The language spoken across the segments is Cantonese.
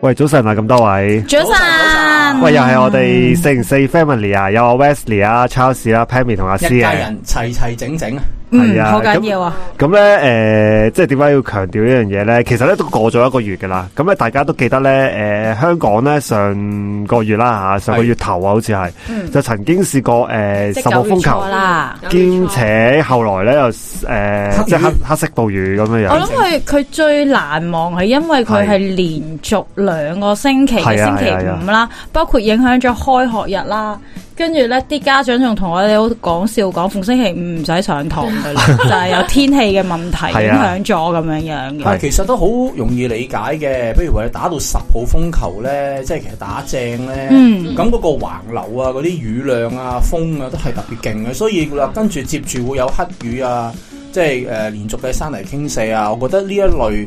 喂，早晨啊，咁多位早晨，早晨，喂，又係我哋四零四 family 啊，有阿 Wesley 啊、Charles 啊 Pammy 同阿 C 啊，一家人齊齊整整啊。係啊，好、嗯、緊要啊！咁咧，誒、呃，即係點解要強調呢樣嘢咧？其實咧都過咗一個月噶啦，咁咧大家都記得咧，誒、呃，香港咧上個月啦吓，上個月頭啊好，好似係就曾經試過誒、呃、十號風球啦，兼且後來咧又誒即、呃嗯就是、黑、嗯、黑、黑色暴雨咁樣樣。我諗佢佢最難忘係因為佢係連續兩個星期嘅星期五啦，包括影響咗開學日啦。跟住咧，啲家長仲同我哋好講笑，講逢星期五唔唔使上堂嘅， 就係有天氣嘅問題影響咗咁樣樣。但其實都好容易理解嘅，不如話你打到十號風球咧，即係其實打正咧，咁、嗯、嗰個橫流啊、嗰啲雨量啊、風啊都係特別勁嘅，所以啦，跟住接住會有黑雨啊，即係誒、呃、連續嘅山泥傾瀉啊，我覺得呢一類。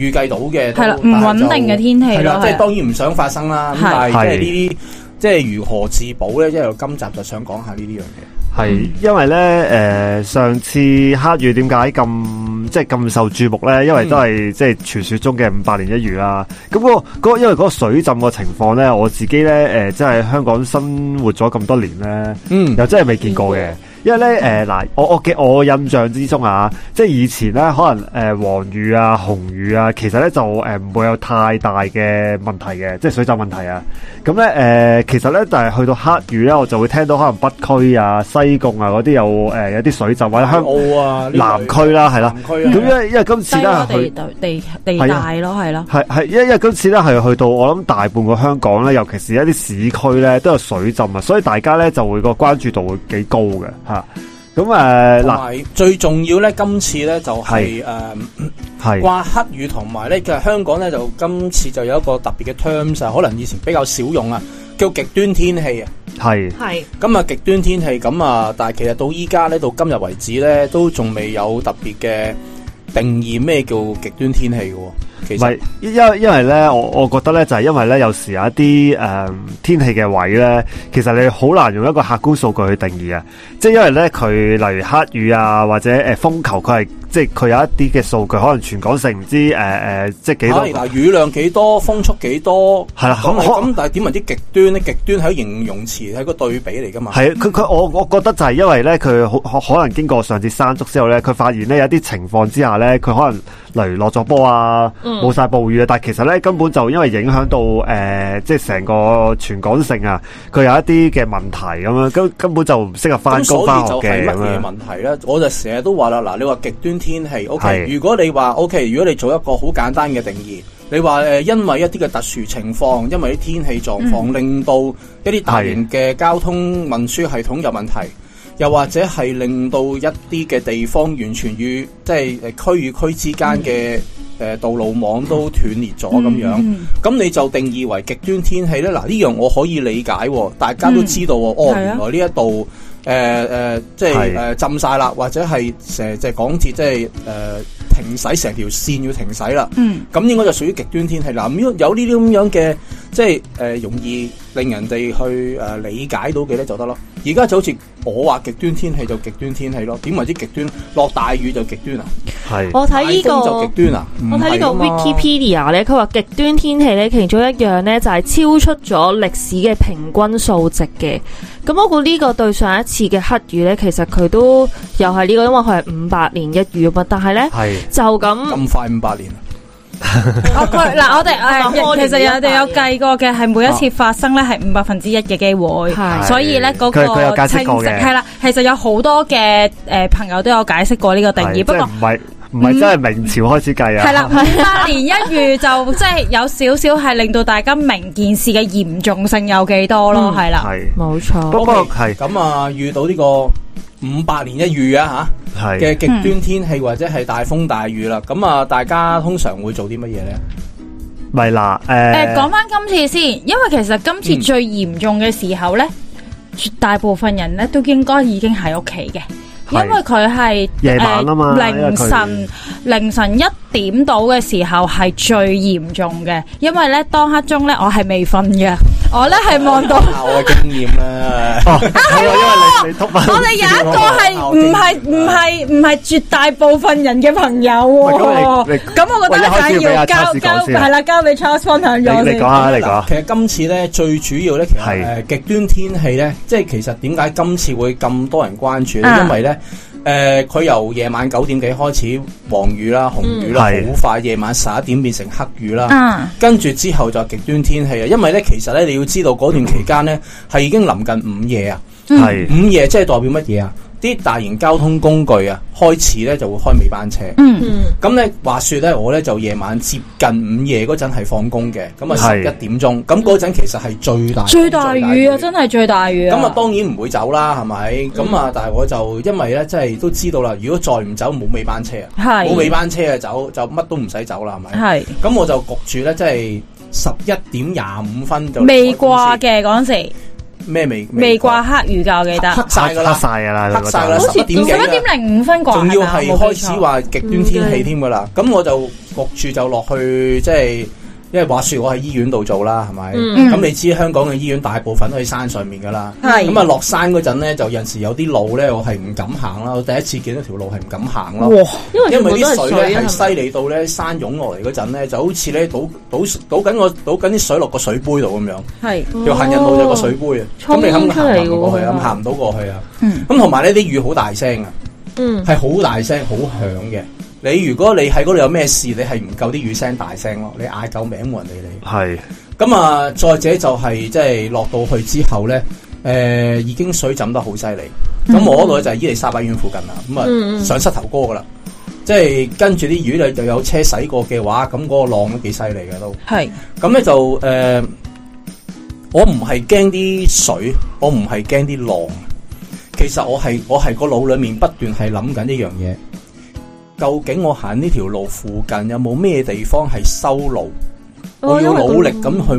預計到嘅，係啦，唔穩定嘅天氣，係啦，即係當然唔想發生啦。係，即係呢啲，即係如何自保咧？即我今集就想講下呢啲嘢。係、嗯，因為咧，誒、呃，上次黑雨點解咁即係咁受注目咧？因為都係即係傳説中嘅五百年一遇啦。咁、那、嗰個、那個、因為嗰個水浸嘅情況咧，我自己咧誒，即、呃、係香港生活咗咁多年咧，嗯，又真係未見過嘅。嗯。因為咧，誒、呃、嗱，我我嘅我印象之中啊，即係以前咧，可能誒、呃、黃雨啊、紅雨啊，其實咧就誒唔會有太大嘅問題嘅，即係水浸問題啊。咁、嗯、咧，誒、呃、其實咧，但係去到黑雨咧，我就會聽到可能北區啊、西貢啊嗰啲有誒、呃、有啲水浸或者香、啊、澳啊南區啦、啊，係啦、啊。咁因、啊嗯、因為今次咧去地是、啊、地大咯，係咯。係係、啊啊啊啊，因因為今次咧係去到我諗大半個香港咧，尤其是一啲市區咧都有水浸啊，所以大家咧就會個關注度會幾高嘅。啊，咁誒，同、啊、最重要咧，今次咧就係、是、誒，係掛、呃、黑雨，同埋咧其實香港咧就今次就有一個特別嘅 terms，可能以前比較少用啊，叫極端天氣啊，係，係，咁啊極端天氣，咁啊，但係其實到依家咧到今日為止咧，都仲未有特別嘅定義咩叫極端天氣嘅。唔係，因為因為咧，我我覺得咧，就係、是、因為咧，有時有一啲誒、嗯、天氣嘅位咧，其實你好難用一個客觀數據去定義啊。即係因為咧，佢例如黑雨啊，或者誒、呃、風球，佢係。即係佢有一啲嘅數據，可能全港性唔知誒誒、呃呃，即係幾多？但、啊、雨量幾多，風速幾多？係啦，咁咁，但係點問啲極端咧？極端係形容詞，係個對比嚟噶嘛？係佢佢，我我覺得就係因為咧，佢可能經過上次山竹之後咧，佢發現咧有啲情況之下咧，佢可能雷落咗波啊，冇晒暴雨啊、嗯，但係其實咧根本就因為影響到誒、呃，即係成個全港性啊，佢有一啲嘅問題咁樣根根本就唔適合返、嗯、工返嘅咁樣問題咧。我就成日都話啦，嗱，你話極端。天氣 OK，如果你話 OK，如果你做一個好簡單嘅定義，你話誒，因為一啲嘅特殊情況，因為啲天氣狀況，令到一啲大型嘅交通運輸系統有問題，是又或者係令到一啲嘅地方完全與即係誒區與區之間嘅誒道路網都斷裂咗咁、嗯、樣，咁你就定義為極端天氣咧？嗱、啊、呢樣我可以理解、哦，大家都知道哦，嗯哦啊、原來呢一度。誒、呃、誒、呃，即係誒、呃、浸晒啦，或者係成即係港鐵即係誒、呃、停駛，成條線要停駛啦。嗯，咁應該就屬於極端天氣啦，有呢啲咁樣嘅，即係誒、呃、容易令人哋去誒、呃、理解到嘅咧，就得咯。而家就好似。我話極端天氣就極端天氣咯，點為之極端？落大雨就極端啊！係我睇呢個極端啊！我睇、呢個呢個、呢個 Wikipedia 咧，佢話極端天氣咧，其中一樣咧就係、是、超出咗歷史嘅平均數值嘅。咁我估呢個對上一次嘅黑雨咧，其實佢都又係呢、呢個，因為佢係五百年一遇啊嘛。但係咧，係就咁咁快五百年。我佢嗱，我哋誒，其實有我哋有計過嘅，係每一次發生咧，係五百分之一嘅機會，所以咧嗰個清晰係啦。其實有好多嘅誒、呃、朋友都有解釋過呢個定義，就是、不過。唔係真係明朝開始計啊！係、嗯、啦，五百年一遇就 即係有少少係令到大家明件事嘅嚴重性有幾多咯，係、嗯、啦，冇錯。不過係咁啊，遇到呢個五百年一遇啊吓嘅極端天氣或者係大風大雨啦，咁、嗯、啊，大家通常會做啲乜嘢咧？咪嗱誒，講翻今次先，因為其實今次最嚴重嘅時候咧，絕、嗯、大部分人咧都應該已經喺屋企嘅。因為佢係夜晚誒，凌晨凌晨一點到嘅時候係最嚴重嘅，因為咧當刻鐘咧我係未瞓嘅，我咧係望到。有經驗啦，啊係喎，我哋有一個係唔係唔係唔係絕大部分人嘅朋友喎，咁我覺得好緊要交交係啦，交俾 Charles 分享咗。你講下，你講。其實今次咧最主要咧，其實誒極端天氣咧，即係其實點解今次會咁多人關注咧？因為咧。誒、呃，佢由夜晚九點幾開始黃雨啦、紅雨啦，好、嗯、快夜晚十一點變成黑雨啦，嗯、跟住之後就極端天氣啊！因為咧，其實咧你要知道嗰段期間咧係已經臨近午夜啊，係、嗯、午、嗯、夜，即係代表乜嘢啊？啲大型交通工具啊，開始咧就會開尾班車。嗯嗯。咁咧話說咧，我咧就夜晚接近午夜嗰陣係放工嘅，咁啊十一點鐘。咁嗰陣其實係最大雨最大雨啊，真係最大雨。咁啊當然唔會走啦，係、嗯、咪？咁啊，但係我就因為咧，即係都知道啦。如果再唔走，冇尾班車啊，冇尾班車啊，就走就乜都唔使走啦，係咪？係。咁我就焗住咧，即係十一點廿五分就未掛嘅嗰陣時。咩未？未掛黑雨噶我記得。黑晒噶啦，黑晒噶啦，黑晒啦。十點十一點零五分掛係嘛？冇錯。仲要係開始話極端天氣添噶啦。咁我,我就焗住就落去即係。因為話說我喺醫院度做啦，係咪？咁、嗯嗯、你知香港嘅醫院大部分都喺山上面噶啦。係、嗯。咁啊落山嗰陣咧，就有陣時有啲路咧，我係唔敢行啦。我第一次見到條路係唔敢行咯。因為因為啲水咧係犀利到咧山湧落嚟嗰陣咧，就好似咧倒倒倒緊我倒緊啲水落個水杯度咁樣。係、哦。又行人冇咗個水杯啊！衝出嚟㗎。咁行唔到過去啊！咁同埋呢啲雨好大聲啊！嗯，係好、嗯、大聲，好、嗯、響嘅。你如果你喺嗰度有咩事，你係唔夠啲雨聲大聲咯，你嗌救命，冇人理你。係咁啊！再者就係、是、即係落到去之後咧，誒、呃，已經水浸得好犀利。咁、嗯、我嗰度就係伊利沙伯醫院附近啦。咁啊，上膝頭哥噶啦，即、嗯、係、就是、跟住啲雨咧，又有車駛過嘅話，咁嗰個浪都幾犀利嘅都。係咁咧就誒、呃，我唔係驚啲水，我唔係驚啲浪，其實我係我係個腦裏面不斷係諗緊呢樣嘢。究竟我行呢條路附近有冇咩地方係修路、哦？我要努力咁去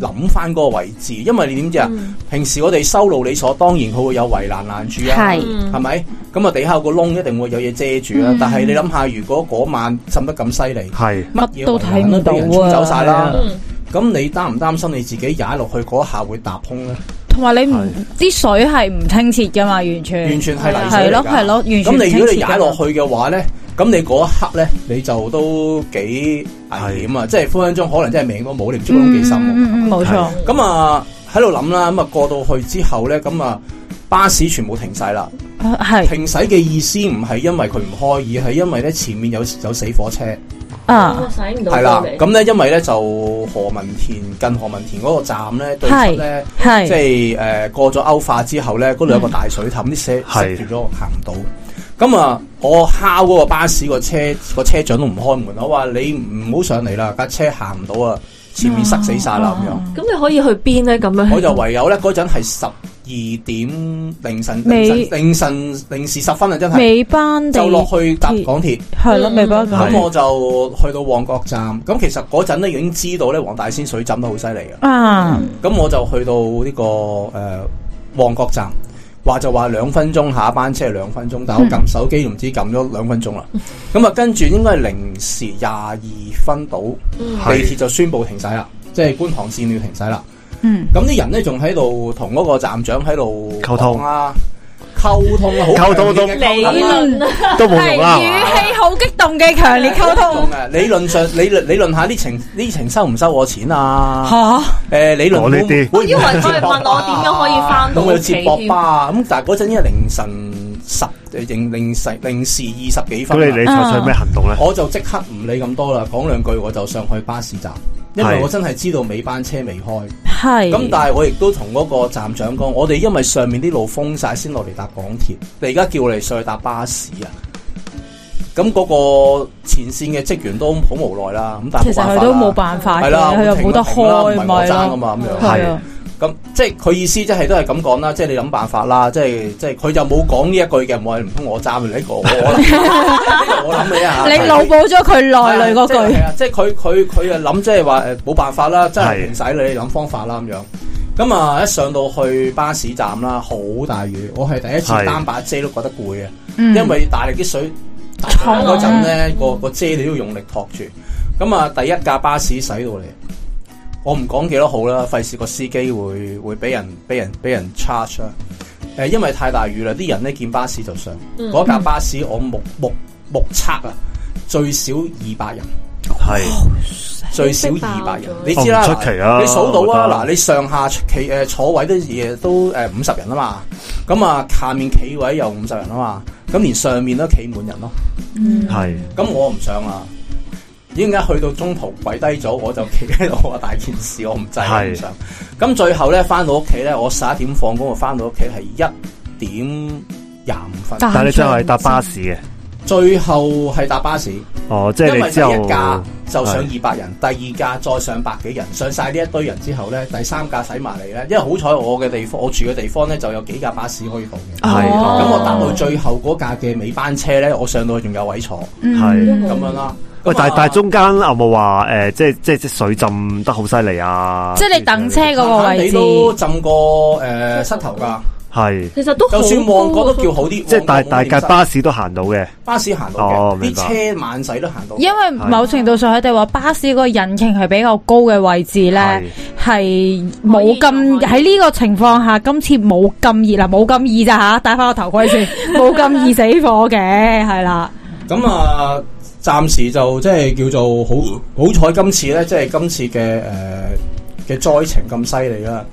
諗翻嗰個位置，哦因為，嗯、因為你點知啊、嗯，平時我哋修路，理所當然佢會有圍欄攔住啊，係係咪？咁啊，底下個窿一定會有嘢遮住啊。嗯、但係你諗下，如果嗰晚浸得咁犀利，係乜嘢都睇唔到了，人走晒啦，咁、嗯嗯、你擔唔擔心你自己踩落去嗰下會踏空咧？同埋你唔啲水係唔清澈噶嘛？完全完全係泥水嚟嘅，係咯係咯，咁。你如果你踩落去嘅話咧？咁你嗰一刻咧，你就都幾危險啊！即係分分鐘可能真係命都冇，你唔知幾深喎。冇、嗯、錯。咁啊，喺度諗啦。咁啊，過到去之後咧，咁啊巴士全部停晒啦、啊。停駛嘅意思唔係因為佢唔開，而係因為咧前面有有死火車。啊，使唔到。係啦，咁咧因為咧就何文田近何文田嗰個站咧對出咧，即係誒過咗歐化之後咧，嗰度有個大水氹，啲車塞住咗行唔到。咁、嗯、啊！我敲嗰個巴士，個車，個車長都唔開門，我話你唔好上嚟啦架，那個、車行唔到啊，前面塞死晒啦咁樣。咁你可以去邊咧？咁樣我就唯有咧，嗰陣係十二點凌晨凌晨凌晨零時十分啊，真係尾班，就落去搭港鐵係咯，尾班咁，嗯、我就去到旺角站。咁其實嗰陣咧已經知道咧，黃大仙水浸得好犀利嘅。啊！咁，嗯、我就去到呢、呢個誒、呃、旺角站。話就話兩分鐘下一班車，兩、係、分鐘，但我撳手機唔、嗯、知撳咗兩分鐘啦。咁啊，跟住應該係零時廿、嗯、二分到地鐵就宣布停駛啦、嗯，即係觀塘線要停駛啦。嗯咁啲人咧仲喺度同嗰個站長喺度溝通啦。溝通，好激動嘅，理論都冇用啦，語氣好激動嘅強烈溝通。咁啊，理論上理理論下呢程呢程收唔收我錢啊？吓，誒、呃，理論冇， 因為佢問我點樣可以翻到嚟，我 有接駁巴。咁但係嗰陣，因為凌晨十零零時零時二十幾分，咁你你採取咩行動咧？我就即刻唔理咁多啦，講兩句我就上去巴士站。因為我真係知道尾班車未開，係咁但係我亦都同嗰個站長講，我哋因為上面啲路封晒，先落嚟搭港鐵，你而家叫我嚟上去搭巴士啊？咁嗰個前線嘅職員都好無奈啦，咁但係其實佢都冇辦法，係啦，佢又冇得開，咪啦，係。咁即係佢意思是都是，即係都係咁講啦，即係 我想 你諗 辦法啦，即係即係佢就冇講呢一句嘅，我係唔通我揸住你個，我諗你啊，你腦補咗佢內裏嗰句。即係佢佢佢啊諗，即係話誒冇辦法啦，真係唔使你諗方法啦咁樣。咁啊，一上到去巴士站啦，好大雨，我係第一次單把遮都覺得攰啊，因為大力啲水沖嗰陣咧，呢嗯，那個個遮你都要用力托住。咁啊，第一架巴士駛到嚟。我唔講幾多好啦，費事個司機會會俾人俾人俾人 charge 啦。誒，因為太大雨啦，啲人咧，見巴士就上。嗰、嗯、架巴士我目目目測啊，最少二百人，係最少二百人。你知啦，出奇啊！你數到啊，嗱，你上下企誒、呃、坐位啲嘢都誒五十人啊嘛，咁啊下面企位又五十人啊嘛，咁連上面都企滿人咯。係、嗯。咁我唔上啦。點解去到中途跪低咗，我就企喺度話大件事，我唔制，我唔制上。咁最後咧翻到屋企咧，我十一點放工，我翻到屋企係一點廿五分。但係你真係搭巴士嘅，最後係搭巴士。哦，即、就、係、是、因為之後一架就上二百人，第二架再上百幾人，上晒呢一堆人之後咧，第三架駛埋嚟咧。因為好彩我嘅地方，我住嘅地方咧就有幾架巴士可以到嘅。係、哦、咁，我搭到最後嗰架嘅尾班車咧，我上到去仲有位坐。係、嗯、咁樣啦。喂，但係但係中間有冇話誒，即係即係即水浸得好犀利啊！即係你等車嗰個位置浸過誒、呃、膝頭噶，係。其實都就算旺角都叫好啲，即係大大架巴士都行到嘅，巴士行到嘅，啲車慢駛都行到。因為某程度上，佢哋話巴士個引擎係比較高嘅位置咧，係冇咁，喺呢個情況下，今次冇咁熱啦，冇咁易咋吓，戴翻個頭盔先，冇 咁易死火嘅，係啦。咁啊。呃暫時就即係叫做好好彩今次咧，即係今次嘅誒嘅災情咁犀利啦。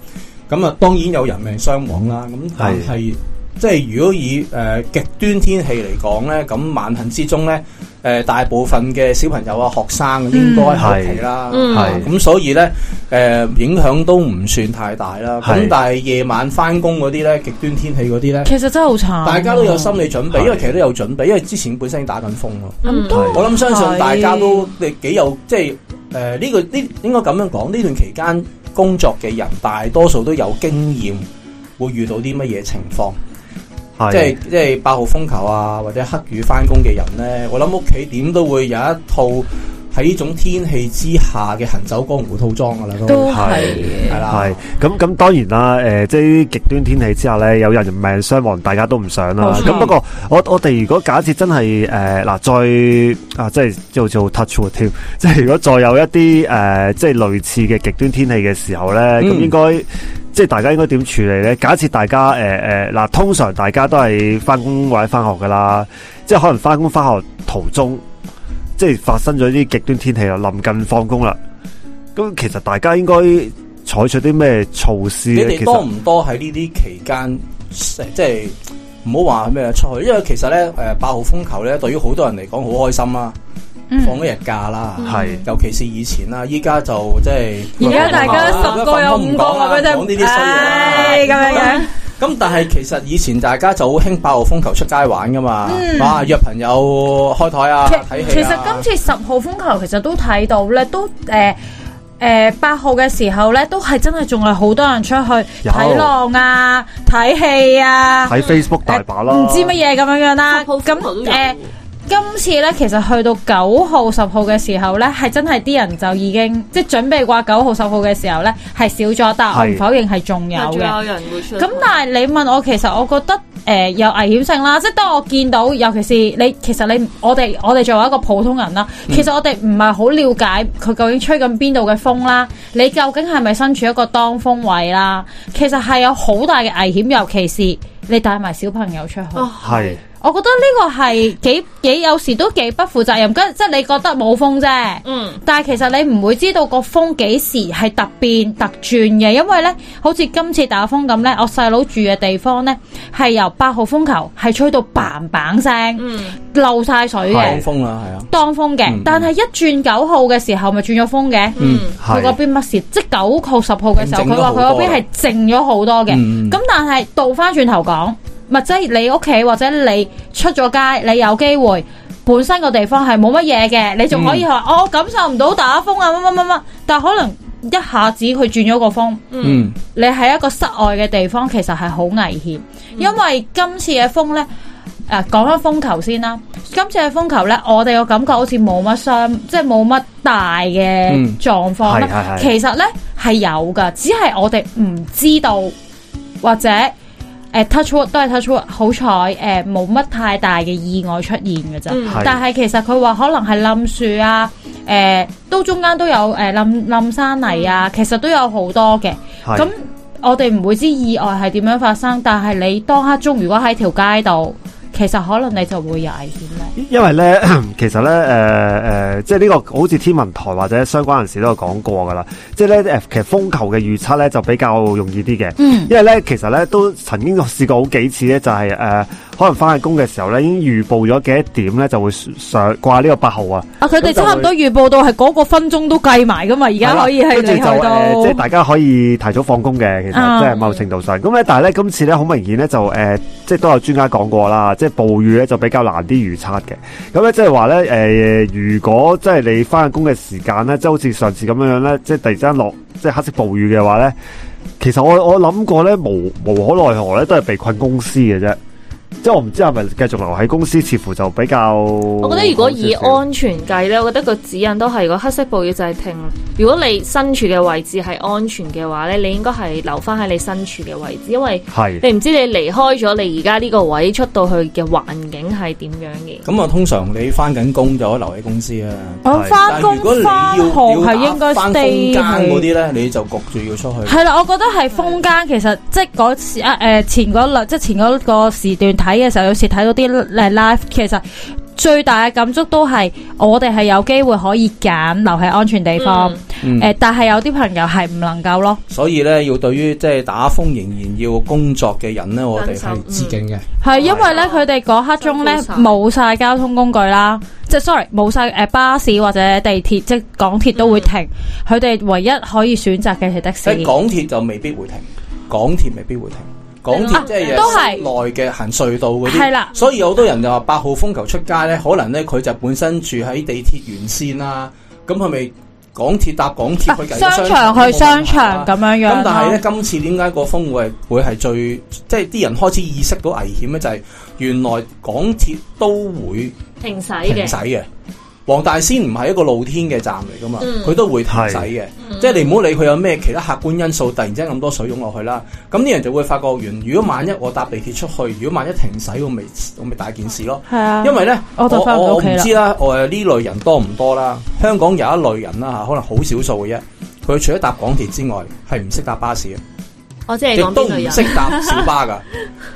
咁啊，當然有人命傷亡啦。咁但係即係如果以誒極端天氣嚟講咧，咁萬幸之中咧。誒、呃，大部分嘅小朋友啊，學生應該喺屋企啦，咁、嗯、所以咧，誒、呃、影響都唔算太大啦。咁但係夜晚翻工嗰啲咧，極端天氣嗰啲咧，其實真係好慘。大家都有心理準備，因為其實都有準備，因為之前本身打緊風咯、啊嗯。我諗相信大家都，你幾有即係，誒、呃、呢、這個呢應該咁樣講，呢段期間工作嘅人，大多數都有經驗，會遇到啲乜嘢情況。是即係即係八號風球啊，或者黑雨返工嘅人咧，我諗屋企點都會有一套喺呢種天氣之下嘅行走江湖套裝噶啦，都係係啦。咁咁當然啦，誒、呃，即係啲極端天氣之下咧，有人，人命傷亡，大家都唔想啦。咁、okay. 不過我我哋如果假設真係誒嗱再啊，即係叫做 touch wood 添，即係如果再有一啲誒，即、呃、係類似嘅極端天氣嘅時候咧，咁、嗯、應該。即係大家應該點處理咧？假設大家誒誒嗱，通常大家都係翻工或者翻學噶啦，即係可能翻工翻學途中，即係發生咗啲極端天氣啦，臨近放工啦。咁其實大家應該採取啲咩措施咧？其實多唔多喺呢啲期間，即係唔好話咩出去，因為其實咧，誒八號風球咧，對於好多人嚟講好開心啦、啊。放一日假啦，係、嗯，尤其是以前啦，依家就即係而家大家十個有五個咁、啊啊哎、樣呵呵，講呢啲衰嘢咁樣樣。咁但係其實以前大家就好興八號風球出街玩噶嘛，哇、嗯啊，約朋友開台呀、啊。睇啊。其實今次十號風球其實都睇到咧，都誒誒、呃呃、八號嘅時候咧，都係真係仲係好多人出去睇浪啊，睇戲啊，喺 Facebook 大把啦，唔、呃、知乜嘢咁樣樣啦、啊。咁誒。嗯呃呃今次咧，其實去到九號十號嘅時候咧，係真係啲人就已經即係準備掛九號十號嘅時候咧，係少咗，但係唔否認係仲有嘅。咁但係你問我，其實我覺得誒、呃、有危險性啦。即係當我見到，尤其是你，其實你我哋我哋作為一個普通人啦，嗯、其實我哋唔係好了解佢究竟吹緊邊度嘅風啦，你究竟係咪身處一個當風位啦？其實係有好大嘅危險，尤其是你帶埋小朋友出去。係、哦。我覺得呢個係幾幾有時都幾不負責任，跟即係你覺得冇風啫，嗯，但係其實你唔會知道個風幾時係突變突轉嘅，因為呢好似今次打風咁呢，我細佬住嘅地方呢係由八號風球係吹到 b a n 聲，漏晒水嘅風啦，係啊，當風嘅，但係一轉九號嘅時候咪轉咗風嘅，嗯，佢嗰邊乜事？即係九號十號嘅時候，佢話佢嗰邊係靜咗好多嘅，咁、嗯嗯嗯嗯、但係倒翻轉頭講。咪即係你屋企或者你出咗街，你有機會本身個地方係冇乜嘢嘅，你仲可以話我、嗯哦、感受唔到打風啊乜乜乜乜，但係可能一下子佢轉咗個風，嗯、你喺一個室外嘅地方其實係好危險，嗯、因為今次嘅風呢，誒講翻風球先啦，今次嘅風球呢，我哋個感覺好似冇乜傷，即係冇乜大嘅狀況。其實呢係有噶，只係我哋唔知道或者。誒、uh,，touch wood 都係 touch wood，好彩誒，冇、uh, 乜太大嘅意外出現嘅啫。但係其實佢話可能係冧樹啊，誒、uh,，都中間都有誒冧冧山泥啊、嗯，其實都有好多嘅。咁我哋唔會知意外係點樣發生，但係你當刻鐘如果喺條街度，其實可能你就會有危險咧，因為咧，其實咧，誒、呃、誒、呃，即係呢個好似天文台或者相關人士都有講過㗎喇，即係咧，誒，其實風球嘅預測咧就比較容易啲嘅，嗯，因為咧，其實咧都曾經試過好幾次咧，就係、是、誒。呃可能翻緊工嘅時候咧，已經預報咗幾多點咧，就會上掛呢個八號啊。啊，佢哋差唔多預報到係嗰個分鐘都計埋㗎嘛。而家可以係嚟到，即係大家可以提早放工嘅。其實、嗯、即係某程度上咁咧，但係咧今次咧好明顯咧，就誒、呃，即係都有專家講過啦，即係暴雨咧就比較難啲預測嘅。咁咧即係話咧誒，如果即係你翻緊工嘅時間咧，即係好似上次咁樣樣咧，即係突然之間落即係黑色暴雨嘅話咧，其實我我諗過咧，無無可奈何咧，都係被困公司嘅啫。即係我唔知係咪繼續留喺公司，似乎就比較。我覺得如果以安全計咧，我覺得個指引都係個黑色暴雨就係停。如果你身處嘅位置係安全嘅話咧，你應該係留翻喺你身處嘅位置，因為係你唔知你離開咗你而家呢個位出到去嘅環境係點樣嘅。咁啊，通常你翻緊工就可以留喺公司啊。我翻工翻學。如果你要係應該翻間嗰啲咧，你就焗住要出去。係啦，我覺得係封間，其實即係嗰次啊，誒、呃、前嗰、那、兩、個、即係前嗰個時段睇嘅時候，有時睇到啲誒 live，其實最大嘅感觸都係我哋係有機會可以揀留喺安全地方，誒、嗯嗯，但係有啲朋友係唔能夠咯。所以咧，要對於即係打風仍然要工作嘅人咧，我哋係致敬嘅。係因為咧，佢哋嗰刻中咧冇晒交通工具啦、嗯，即係 sorry 冇晒誒巴士或者地鐵，即係港鐵都會停。佢、嗯、哋唯一可以選擇嘅係的士。港鐵就未必會停，港鐵未必會停。港鐵即係室內嘅行隧道嗰啲，啊，所以有好多人就話八號風球出街咧，可能咧佢就本身住喺地鐵沿線啊，咁係咪港鐵搭港鐵去計商場，啊、商場去商場咁樣，啊、樣。咁但係咧、嗯、今次點解個風會係會係最，即係啲人開始意識到危險咧，就係、係、原來港鐵都會停駛嘅。黃大仙唔係一個露天嘅站嚟噶嘛，佢、嗯、都會停駛嘅，即係你唔好理佢有咩其他客觀因素，突然之間咁多水湧落去啦，咁啲人就會發覺，完，如果萬一我搭地鐵出去，如果萬一停駛，我咪我咪大件事咯。係啊，因為咧，我我唔知啦，我誒呢類人多唔多啦？香港有一類人啦吓，可能好少數嘅啫，佢除咗搭港鐵之外，係唔識搭巴士嘅。亦都唔識搭小巴噶，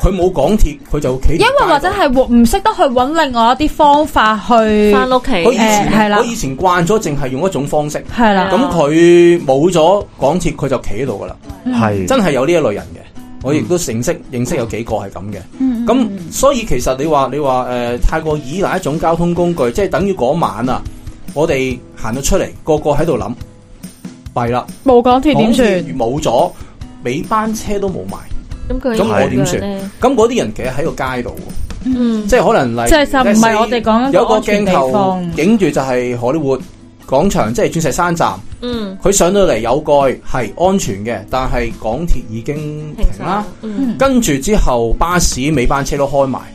佢 冇港鐵，佢就企。因為或者係唔識得去揾另外一啲方法去翻屋企。我以前我以前慣咗，淨係用一種方式。係啦。咁佢冇咗港鐵，佢就企喺度噶啦。係真係有呢一類人嘅，我亦都認識、嗯、認識有幾個係咁嘅。咁、嗯、所以其實你話你話誒，太過依賴一種交通工具，即、就、係、是、等於嗰晚啊，我哋行到出嚟，個個喺度諗，弊啦，冇港鐵點算？冇咗。尾班車都冇埋，咁佢咁我點算？咁嗰啲人其實喺個街度，嗯，即係可能，即係唔係我哋講有個鏡頭影住就係荷里活廣場，即係鑽石山站，嗯，佢上到嚟有蓋係安全嘅，但係港鐵已經停啦，嗯，跟住之後巴士尾班車都開埋。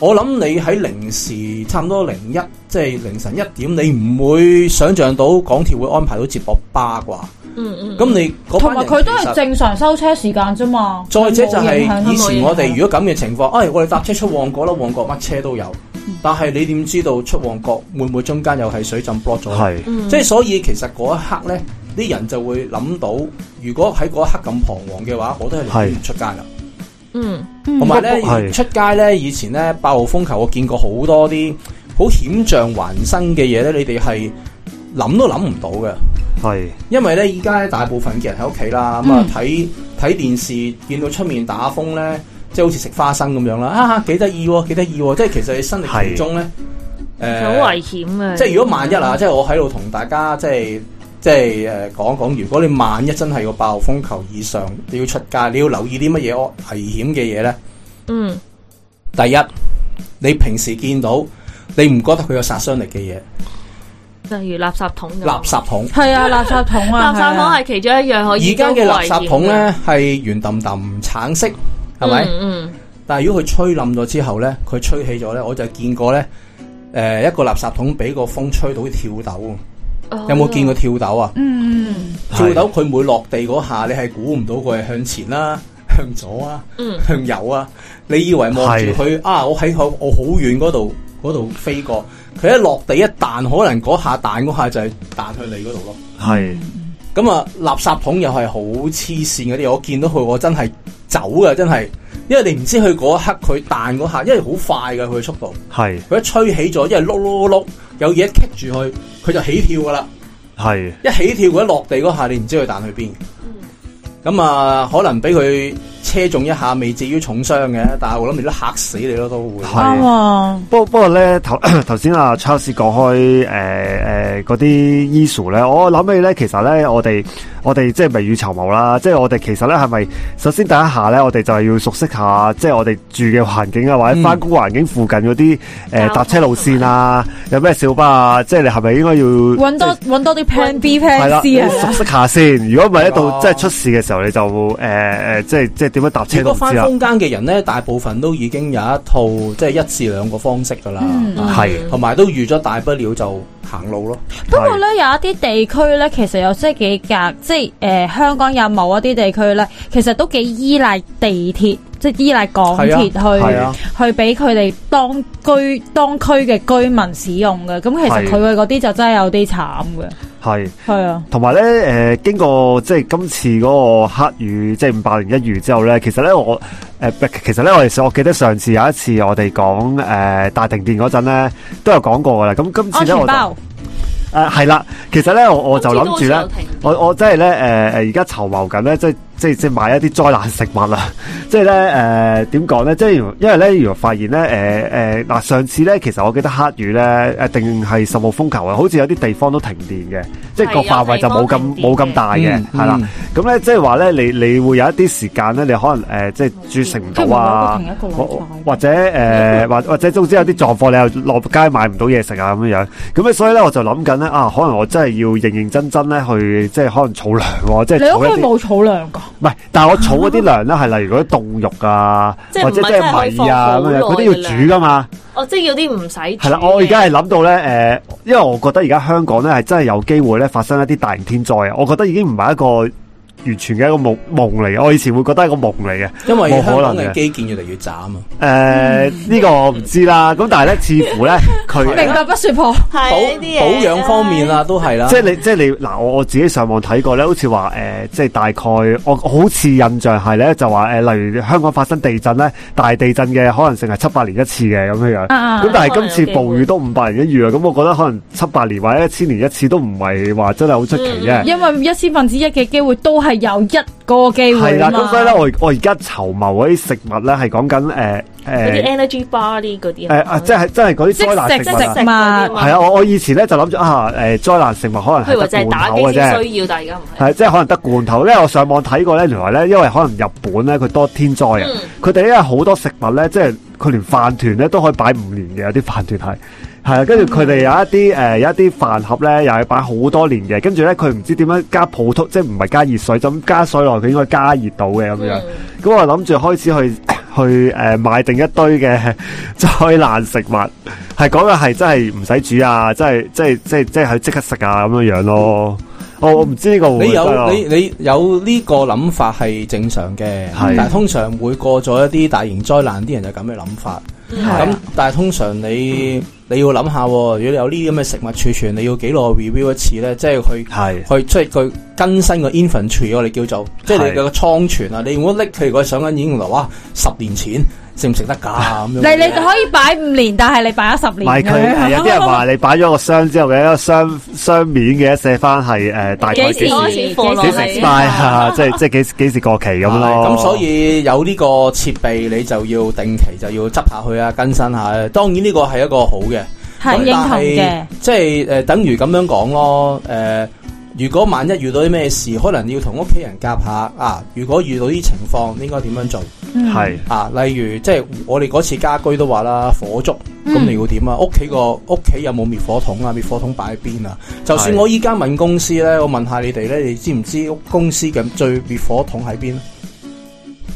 我諗你喺零時差唔多零一，即係凌晨一點，你唔會想象到港鐵會安排到接駁巴啩。嗯嗯。咁你同埋佢都係正常收車時間啫嘛。再者就係以前我哋如果咁嘅情況，誒我哋搭，哎，車出旺角啦，旺角乜車都有，嗯、但係你點知道出旺角會唔會中間又係水浸 block 咗？係。即，嗯，係所以其實嗰一刻咧，啲人就會諗到，如果喺嗰一刻咁彷徨嘅話，我都係唔出街啦。嗯，同埋咧，出街咧，以前咧八號風球，我見過好多啲好險象環生嘅嘢咧，你哋係諗都諗唔到嘅，係，因為咧依家大部分嘅人喺屋企啦，咁啊睇睇電視，見到出面打風咧，即係好似食花生咁樣啦，啊，幾得意，幾得意，即係其實你身歷其中咧，誒，好、呃、危險啊！即係如果萬一啊、嗯，即係我喺度同大家即係。即係誒，講、呃、講，如果你萬一真係個暴風球以上，你要出街，你要留意啲乜嘢危險嘅嘢咧？嗯，第一，你平時見到你唔覺得佢有殺傷力嘅嘢，例如垃圾，垃圾桶。垃圾桶係啊， 垃圾桶啊，垃圾桶係其中一樣可以。而家嘅垃圾桶咧係圓凼凼，橙色，係咪？嗯，嗯，但係如果佢吹冧咗之後咧，佢吹起咗咧，我就見過咧，誒、呃，一個垃圾桶俾個風吹到跳抖。有冇見過跳豆啊？嗯，跳豆佢每落地嗰下，你係估唔到佢係向前啦、啊、向左啊、mm -hmm. 向右啊。你以為望住佢啊？我喺我我好遠嗰度嗰度飛過，佢一落地一彈，可能嗰下彈嗰下就係彈去你嗰度咯。係、mm -hmm.。咁啊，垃圾桶又係好黐線嗰啲，我見到佢我真係走噶真係，因為你唔知佢嗰一刻佢彈嗰下，因為好快嘅佢嘅速度，係佢一吹起咗，因為碌碌碌有嘢棘住佢，佢就起跳噶啦，係一起跳佢一落地嗰下，你唔知佢彈去邊，咁、嗯、啊可能俾佢。車中一下未至於重傷嘅，但係我諗你都嚇死你咯，都會係。不過不過咧，頭頭先阿 Charles 講開誒誒嗰啲 issue 咧，我諗起咧，其實咧我哋我哋即係未雨綢繆啦，即係我哋其實咧係咪首先第一下咧，我哋就係要熟悉下，即係我哋住嘅環境啊，或者翻工環境附近嗰啲誒搭車路線啊，有咩小巴啊， 即係你係咪應該要搵多搵、 就是、多啲 plan B plan C 啊？ 熟悉下先， 如果唔係一到即係出事嘅時候，你就誒誒、呃呃、即係即點樣搭車如果翻中間嘅人咧，大部分都已經有一套，即、就、係、是、一至兩個方式噶啦，係、嗯，同埋都預咗大不了就行路咯。不過咧，有一啲地區咧，其實有真幾幾即係誒、呃、香港有某一啲地區咧，其實都幾依賴地鐵，即係依賴港鐵去、啊啊、去俾佢哋當居當區嘅居民使用嘅。咁其實佢嗰啲就真係有啲慘嘅。係，係啊，同埋咧，誒，經過即係今次嗰個黑雨，即係五百年一遇之後咧，其實咧我，誒、呃，其實咧我哋我記得上次有一次我哋講，誒、呃，大停電嗰陣咧，都有講過噶啦。咁今次咧、哦、我就，誒，係啦，其實咧我我就諗住咧，我我真係咧，誒、呃、誒，而家籌謀緊咧，即係。即係即係買一啲災難食物啊！即係咧誒，點講咧？即係因為咧，原來發現咧，誒、呃、誒，嗱、呃，上次咧，其實我記得黑雨咧，誒、呃，定係十號風球啊，好似有啲地方都停電嘅，即係個範圍就冇咁冇咁大嘅，係、嗯、啦。咁、嗯、咧即係話咧，你你會有一啲時間咧，你可能誒、呃，即係煮食唔到啊，或者誒，或、呃、或者總之有啲狀況，你又落街買唔到嘢食啊咁樣樣。咁啊，所以咧，我就諗緊咧啊，可能我真係要認認真真咧去，即係可能儲糧、哦，即係你屋企冇儲糧噶。唔係，但係我儲嗰啲糧咧，係例如嗰啲凍肉啊，啊，或者即係、即係、米啊咁樣，啲要煮噶嘛。哦，即係要啲唔使。係啦，我而家係諗到咧，誒、呃，因為我覺得而家香港咧係真係有機會咧發生一啲大型天災啊！我覺得已經唔係一個。完全嘅一個夢夢嚟，我以前會覺得係個夢嚟嘅，因為香港嘅基建越嚟越渣啊嘛。誒、呃、呢、這個我唔知啦。咁 但係是咧呢， 似乎咧呢佢 明白不說話。 保保養方面啊，都係啦。即係你，即係你嗱，我我自己上網睇過咧，好似話誒，即係大概我我好似印象係咧，就話誒、呃，例如香港發生地震咧，大地震嘅可能性係七八年一次嘅咁樣樣。咁、啊啊啊、但係今次暴雨都五百年一遇啊。咁我覺得可能七八年或者一千年一次都唔係話真係好出奇嘅、嗯。因為一千分之一嘅機會都係。係有一個機會啦。係啦，啊，咁、嗯、所以咧，我我而家籌謀嗰啲食物咧，係講緊誒誒，嗰、呃、啲 energy bar 啲嗰啲。即係即係嗰啲災難食物。即食，食，食物。係啊，我我以前咧就諗住啊，誒、欸、災難食物可能係。佢或者係打基需要，而家唔係。即係可能得罐頭，因為我上網睇過咧，原來，咧，因為可能日本咧佢多天災啊，佢哋因為好多食物咧即係。佢連飯團咧都可以擺五年嘅，有啲飯團係係啊。跟住佢哋有一啲誒，有、呃、一啲飯盒咧，又係擺好多年嘅。跟住咧，佢唔知點樣加普通，即係唔係加熱水，咁加水落去應該加熱到嘅咁樣。咁、嗯、我諗住開始去去誒、呃、買定一堆嘅災難食物，係講嘅係真係唔使煮啊，真係即係即係真係去即刻食啊咁樣樣咯。哦、我會會我唔知呢個你有你你有呢個諗法係正常嘅，啊、但係通常會過咗一啲大型災難，啲人就咁嘅諗法。咁、啊、但係通常你、嗯、你要諗下，如果你有呢啲咁嘅食物儲存，你要幾耐 review 一次咧？即係去、啊、去即係佢更新個 inventory，我哋叫做即係、啊、你個倉存啊！你要譬如果拎佢個相眼鏡嚟，哇，十年前。食唔食得噶咁樣？ 你你就可以擺五年，但係你擺咗十年。係佢，有啲人話你擺咗個箱之後嘅一個箱 一個箱，箱面嘅一寫翻係誒大概幾時 幾時賣吓，即係即係幾時幾，時 幾，時幾時過期咁咁、 啊啊、所以有呢個設備，你就要定期就要執下去啊，更新下。當然呢個係一個好嘅，係認同嘅，即係誒等於咁樣講咯，誒、呃。如果萬一遇到啲咩事，可能要同屋企人夾下啊。如果遇到啲情況，應該點樣做？係、嗯嗯、啊，例如即係我哋嗰次家居都話啦，火燭咁，你要點啊？屋企個屋企有冇滅火筒啊？滅火筒擺喺邊啊？嗯、就算我依家問公司咧，我問下你哋咧，你知唔知屋公司嘅最滅火筒喺邊？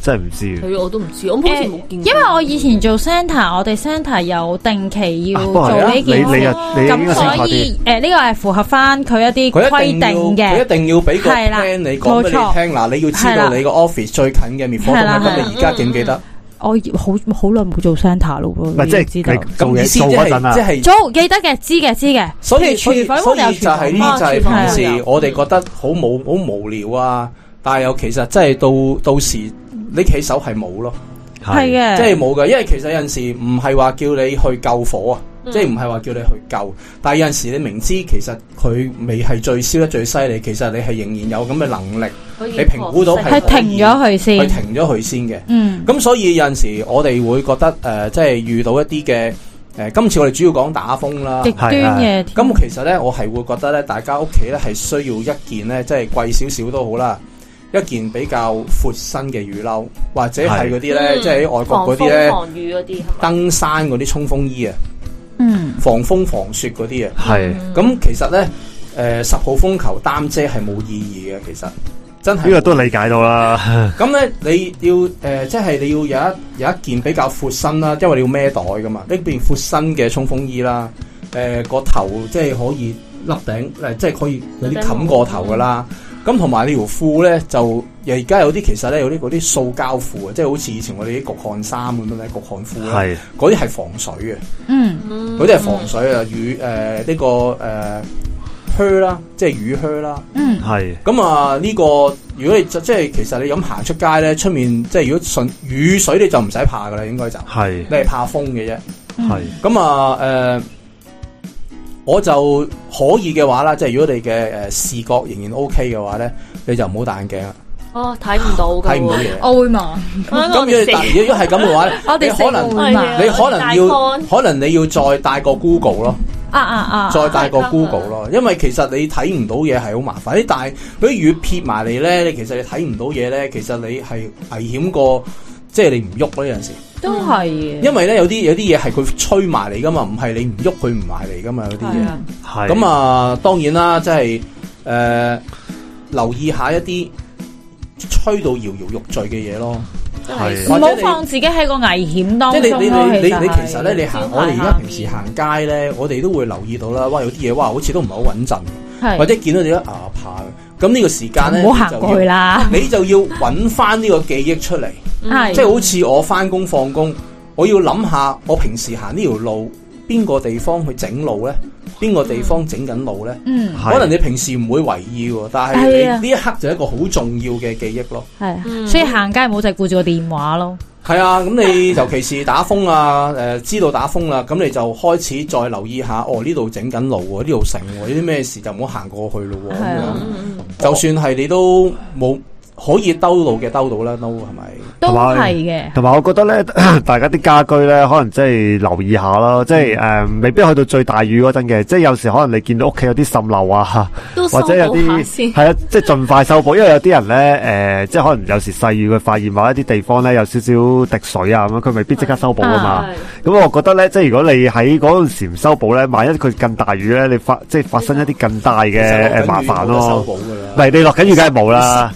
真係唔知，佢我都唔知，我好似冇見過、欸。因為我以前做 centre 我哋 centre 有定期要做呢件咁，啊啊啊，所以誒呢，呃呢個係符合翻佢一啲規定嘅。佢一定要俾個 plan 你講俾你聽，嗱你要知道你個 office 是的最近嘅滅火筒咁你而家記唔記得？我好好耐冇做 centre 咯喎，唔係即係做嘢做嗰陣啦，記得嘅知嘅知嘅。所以除非我哋就係、是、呢、啊、就係平時、啊、我哋覺得好冇好無聊啊，啊但係又其實真係到、嗯、到時。你企手係冇咯，係嘅，即係冇噶，因為其實有陣時唔係話叫你去救火啊，嗯、即係唔係話叫你去救，但係有陣時你明知其實佢未係最燒得最犀利，其實你係仍然有咁嘅能力，你評估到係停咗佢先，佢停咗佢先嘅。嗯，咁所以有陣時我哋會覺得誒、呃，即係遇到一啲嘅誒，今次我哋主要講打風啦，極端嘅。咁其實咧，我係會覺得咧，大家屋企咧係需要一件咧，即係貴少少都好啦。一件比較闊身嘅雨褸，或者係嗰啲咧，即係喺外國嗰啲咧，登山嗰啲衝鋒衣啊，嗯，防風防雪嗰啲啊，係、嗯。咁其實咧，誒、呃、十號風球擔遮係冇意義嘅，其實真係呢、這個都理解到啦。咁 咧、嗯，你要誒，即、呃、係、就是、你要有一有一件比較闊身啦，因為你要孭袋噶嘛，呢邊闊身嘅衝鋒衣啦，誒、呃、個頭即係可以笠頂，誒即係可以有啲冚過頭噶啦。咁同埋呢條褲咧，就而家有啲其實咧有啲嗰啲塑膠褲啊，即係好似以前我哋啲焗汗衫咁樣咧，焗汗褲係嗰啲係防水嘅，嗯，嗰啲係防水啊雨誒呢、呃這個誒靴啦，即係雨靴啦，嗯係。咁啊呢、這個如果你即係其實你咁行出街咧，出面即係如果純雨水你就唔使怕噶啦，應該就係你係怕風嘅啫，係咁啊誒。我就可以嘅話啦，即係如果你嘅誒視覺仍然 OK 嘅話咧，你就唔好戴眼鏡啦。哦，睇唔到嘅，睇唔到嘢、哦 果， 我會盲。咁如果戴，如果係咁嘅話，你可能、啊、你可能要、啊啊，可能你要再戴個 Google 咯。啊啊啊！再戴個 Google 咯、啊啊，因為其實你睇唔到嘢係好麻煩。啲但係，嗰越撇埋嚟咧，你其實你睇唔到嘢咧，其實你係危險過，即係你唔喐呢有時。都、嗯、係因為咧，有啲有啲嘢係佢吹埋嚟噶嘛，唔係你唔喐佢唔埋嚟噶嘛，有啲嘢。係咁啊，啊，當然啦，即係誒、呃，留意下一啲吹到搖搖欲墜嘅嘢咯。係唔好放自己喺個危險當中咯。你你，你，你其實咧，你行我哋而家平時行街咧，我哋都會留意到啦。哇，有啲嘢哇，好似都唔係好穩陣。或者見到你一牙、啊、怕，咁呢個時間咧，唔好行過去啦。你就要搵翻呢個記憶出嚟、 嗯，即係好似我翻工放工，我要諗下我平時行呢條路，邊個地方去整路咧，邊個地方整緊路咧、嗯。嗯，可能你平時唔會為意，但係你呢一刻就一個好重要嘅記憶咯。係，所以行街唔好就顧住個電話咯。係 啊，咁你尤其是打風啊，誒、呃，知道打風啦、啊，咁你就開始再留意一下，哦，呢度整緊路喎、啊，呢度成喎，呢啲咩事就唔好行過去咯、啊。喎 咁樣。 就算係你都冇。可以兜到嘅兜到啦，no 係咪？都係嘅，同埋我覺得咧，大家啲家居咧，可能即係留意下囉。嗯、即係誒、呃，未必去到最大雨嗰陣嘅，即係有時可能你見到屋企有啲滲漏啊，都或者有啲係啊，即係盡快修補， 因為有啲人咧誒、呃，即係可能有時細雨佢發現某一啲地方咧有少少滴水啊咁，佢未必即刻修補啊嘛。咁、嗯、我覺得咧，即係如果你喺嗰陣時唔修補咧，萬一佢更大雨咧，你發即係發生一啲更大嘅誒麻煩咯。唔係你落緊雨，梗係冇啦。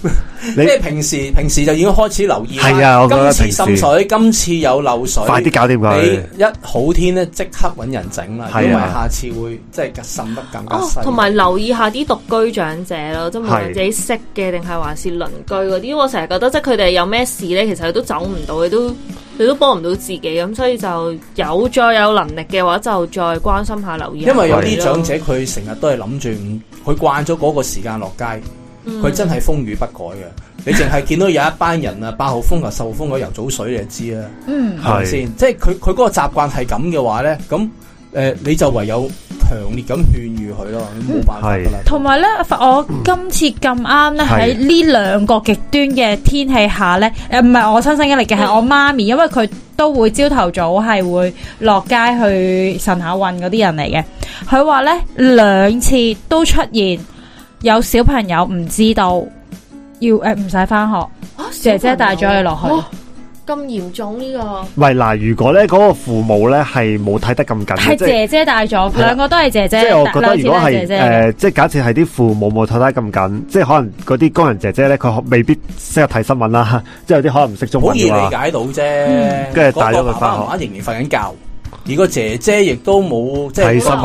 你即係平時，平時就已經開始留意啦。今次滲水，今次有漏水，快啲搞掂佢。你一好天咧，即刻搵人整啦，因為下次會即係滲得更加哦，同埋留意一下啲獨居長者咯，即係自己識嘅，定係還是鄰居嗰啲。我成日覺得即係佢哋有咩事咧，其實佢都走唔到，都你都幫唔到自己咁，所以就有再有能力嘅話，就再關心一下留意一下。因為有啲長者佢成日都係諗住，佢慣咗嗰個時間落街。佢、嗯、真係風雨不改嘅，你淨係見到有一班人啊， 八號風啊，十號風嗰游早水你就知啦，係咪先？即係佢佢嗰個習慣係咁嘅話咧，咁誒、呃、你就唯有強烈咁勸喻佢咯，冇辦法嘅啦。同埋咧，我今次咁啱咧喺呢兩個極端嘅天氣下咧，誒唔係我親身經歷嘅，係我媽咪，因為佢都會朝頭早係會落街去晨下運嗰啲人嚟嘅。佢話咧，兩次都出現。有小朋友唔知道要誒唔使翻學，啊，姐姐帶咗佢落去。咁、哦、嚴重呢、這個？喂，嗱，如果咧嗰個父母咧係冇睇得咁緊，係姐姐帶咗，兩、就是、個都係姐姐。是即係我覺得如果係誒，即係假設係啲父母冇睇得咁緊，即係可能嗰啲工人姐姐咧，佢未必識得睇新聞啦。 即係有啲可能唔識中文嘅話，好易理解到啫。跟住帶佢落翻學，仍然瞓緊覺。而個姐姐亦都冇，即係個小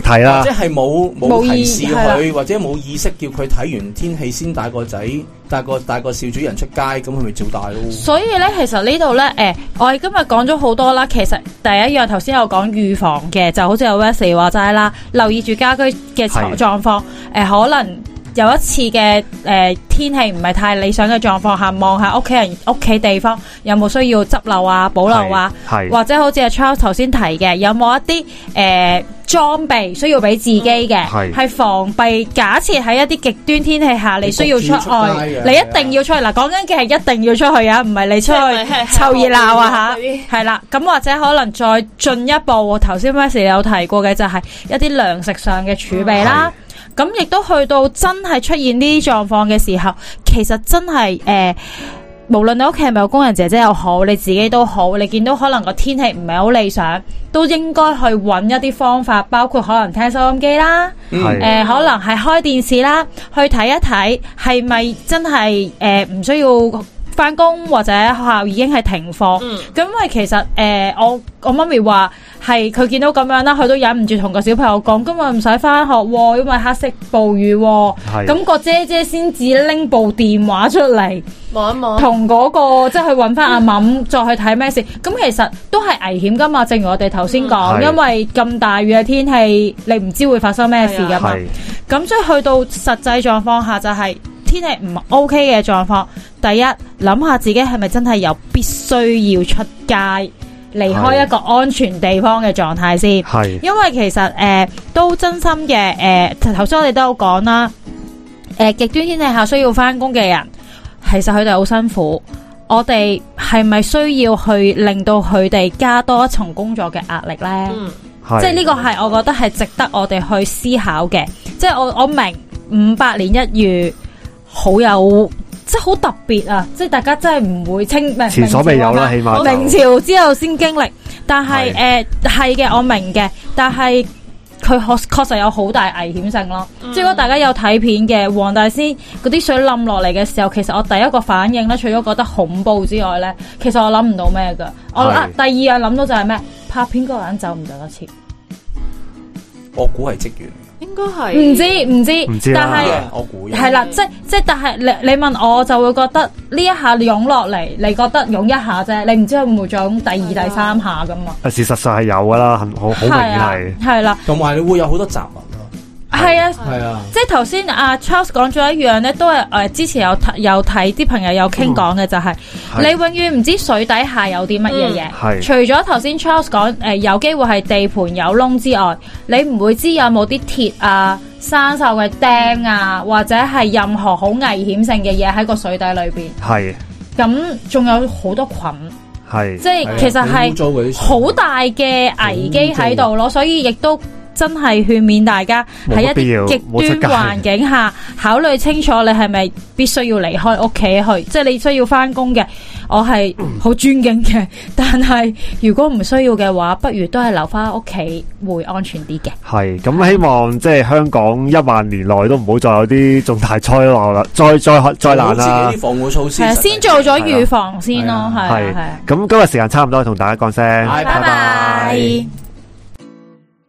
朋友，即係冇冇提示佢，或者冇意，意識叫佢睇完天氣先帶個仔帶個帶個少主人出街，咁佢咪照大咯。所以咧，其實呢度咧，誒、呃，我哋今日講咗好多啦。其實第一樣，頭先有講預防嘅，就好似有 Wesley 話齋啦，留意住家居嘅狀況，誒、呃，可能。有一次嘅誒、呃、天氣唔係太理想嘅狀況下，望下屋企人屋企地方有冇需要執漏啊、保留啊，是是或者好似阿 Charles 頭先提嘅，有冇一啲誒、呃裝備需要俾自己嘅，係防備假設喺一啲極端天氣下，你需要出外，你一定要出去嗱。講緊嘅係一定要出去啊，唔係你出去湊熱鬧啊吓，係啦。咁或者可能再進一步，頭先 Sosze 有提過嘅就係一啲糧食上嘅儲備啦。咁亦都去到真係出現呢啲狀況嘅時候，其實真係誒。呃無論你屋企係咪有工人姐姐又好，你自己都好，你見到可能個天氣唔係好理想，都應該去揾一啲方法，包括可能聽收音機啦，呃，可能係開電視啦，去睇一睇係咪真係誒唔需要。返工或者學校已經係停課，咁、嗯、因為其實誒、呃，我我媽咪話係佢見到咁樣啦，佢都忍唔住同個小朋友講，今日唔使翻學，因為黑色暴雨，咁、啊、個姐姐先至拎部電話出嚟望一望，那個，同嗰個即係去搵翻阿敏再去睇咩事，咁其實都係危險噶嘛，正如我哋頭先講，嗯、因為咁大雨嘅天氣，你唔知會發生咩事噶嘛，咁所以去到實際狀況下就係、是。天氣唔 OK 嘅狀況，第一諗下自己係咪真係有必須要出街離開一個安全地方嘅狀態先。係因為其實誒、呃、都真心嘅誒，頭、呃、先我哋都有講啦。誒、呃，極端天氣下需要翻工嘅人，其實佢哋好辛苦。我哋係咪需要去令到佢哋加多一重工作嘅壓力呢？嗯、即係呢個係我覺得係值得我哋去思考嘅。即係我我明五百年一月。好有即係好特別啊！即係大家真係唔會清明，唔係前所未有啦，起碼明朝之後先經歷。但係誒係嘅，我明嘅。但係佢確確實有好大危險性咯。即、嗯、係如果大家有睇片嘅，黃大仙嗰啲水冧落嚟嘅時候，其實我第一個反應咧，除咗覺得恐怖之外咧，其實我諗唔到咩噶。我啊，第二樣諗到就係咩？拍片嗰個人走唔走得切？我估係職員。應該係唔知唔知，唔知、啊但係啊我估啊係，但係係啦，即即但係你你問我就會覺得呢一下湧落嚟，你覺得湧一下啫，你唔知會唔會再湧第二、啊、第三下噶嘛、啊？事實上係有噶啦，好好明顯係係啦，同埋你會有好多集、啊。係啊，啊，即係頭先阿 Charles 講咗一樣咧，都係誒、uh, 之前有有睇啲朋友有傾講嘅就係、係嗯啊，你永遠唔知水底下有啲乜嘢嘢。係、嗯啊、除咗頭先 Charles 講誒、呃，有機會係地盤有窿之外，你唔會知有冇啲鐵啊、生銹嘅釘啊，或者係任何好危險性嘅嘢喺個水底裏邊。係咁、啊，仲有好多菌。係、啊、即係、啊、其實係好大嘅危機喺度咯，所以亦都。真係勸勉大家喺一極端環境下考慮清楚你係，你係咪必須要離開屋企去？即係你需要翻工嘅，我係好尊敬嘅。 但係如果唔需要嘅話，不如都係留翻屋企會安全啲嘅。係咁，希望即係、就係、香港一萬年內都唔好再有啲重大災禍啦，再再再難啦。自己防護措施，先做咗預防先咯。係係。咁今日時間差唔多，同大家講聲。拜拜。Bye bye